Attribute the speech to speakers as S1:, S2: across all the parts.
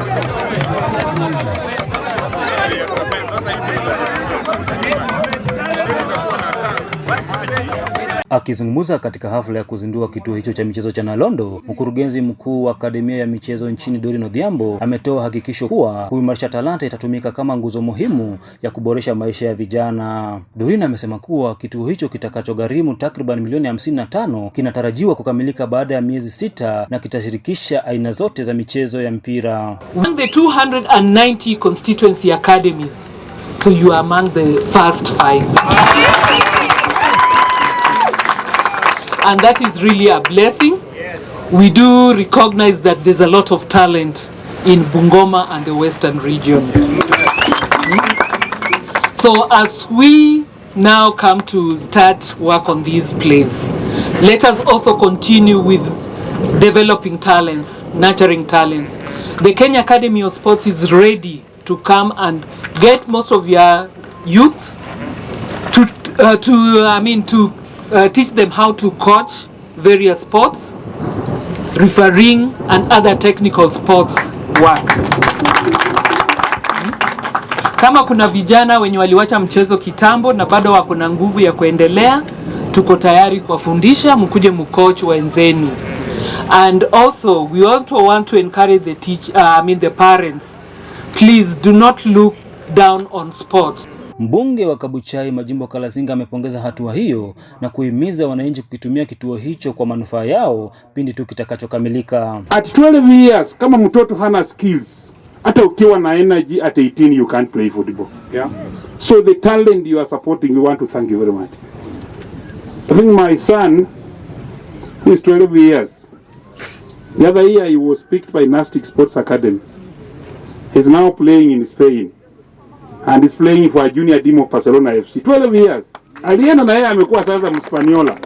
S1: Sasa hivi Akizungumza katika hafla ya kuzindua kituo hicho cha michezo cha Nalondo, mkurugenzi mkuu wa akademia ya michezo nchini dorino Odhiambo ametoa hakikisho kuwa kuimarisha talanta itatumika kama nguzo muhimu ya kuboresha maisha ya vijana. Doreen amesema kuwa kituo hicho kitakachogharimu takriban milioni 55 na tano kinatarajiwa kukamilika baada ya miezi sita na kitashirikisha aina zote za michezo ya mpira.
S2: Among the 290 constituency academies, so you are among the first five. and that is really a blessing. Yes. We do recognize that there's a lot of talent in Bungoma and the Western region. Yes. So as we now come to start work on these plays, let us also continue with developing talents, nurturing talents. The Kenya Academy of Sports is ready to come and get most of your youths to, uh, to I mean, to uh, teach them how to coach various sports refereeing and other technical sports work. Kama kuna vijana wenye waliwacha mchezo kitambo na bado wako na nguvu ya kuendelea, tuko tayari kuwafundisha, mkuje mkoach wenzenu. And also we also want to encourage the teach, uh, I mean the parents. Please do not look down on sports.
S1: Mbunge wa Kabuchai Majimbo Kalasinga amepongeza hatua hiyo na kuhimiza wananchi kukitumia kituo hicho kwa manufaa yao pindi tu kitakachokamilika.
S3: At 12 years kama mtoto hana skills, hata ukiwa na energy at 18 you can't play football. Yeah. So the talent you are supporting, we want to thank you very much. I think my son who is 12 years the other year he was picked by Nastic Sports Academy. He's now playing in Spain and is playing for a junior team of Barcelona FC 12 years. Alienda na yeye amekuwa sasa Mspaniola.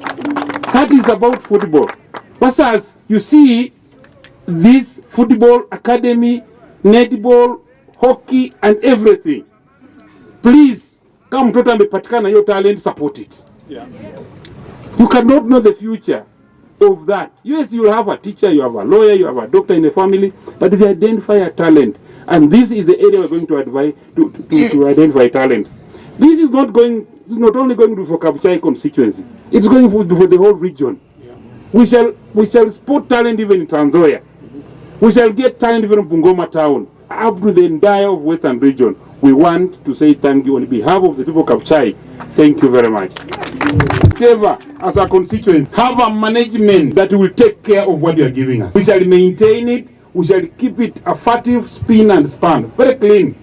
S3: That is about football. Whereas you see this football academy, netball, hockey and everything. Please, kama mtoto amepatikana hiyo talent support it. Yeah. You cannot know the future of that. Yes, you have a teacher, you have a lawyer, you have a doctor in the family, but if you identify a talent And this is the area we're going to, advise, to, to, to identify talent. This is not going, not only going to for Kabuchai constituency, it's going for, for the whole region. Yeah. We shall, we shall spot talent even in Trans We shall get talent even in Bungoma town, up to the entire of Western region. We want to say thank you on behalf of the people of Kabuchai. Thank you very much. Teva, as a constituent, have a management that will take care of what you are giving us. We shall maintain it we shall keep it a furtive spin and span, very clean.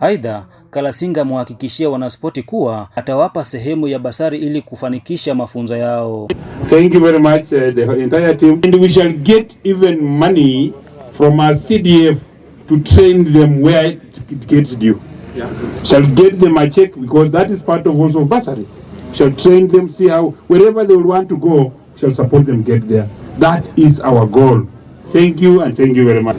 S1: Aidha, Kalasinga amewahakikishia wanaspoti kuwa atawapa sehemu ya basari ili kufanikisha mafunzo yao.
S3: Thank you very much uh, the entire team and we shall get even money from our CDF to train them where it gets due. Yeah. Shall get them a check because that is part of also basari. Shall train them see how wherever they will want to go shall support them get there. That is our goal. Thank you and thank you very much.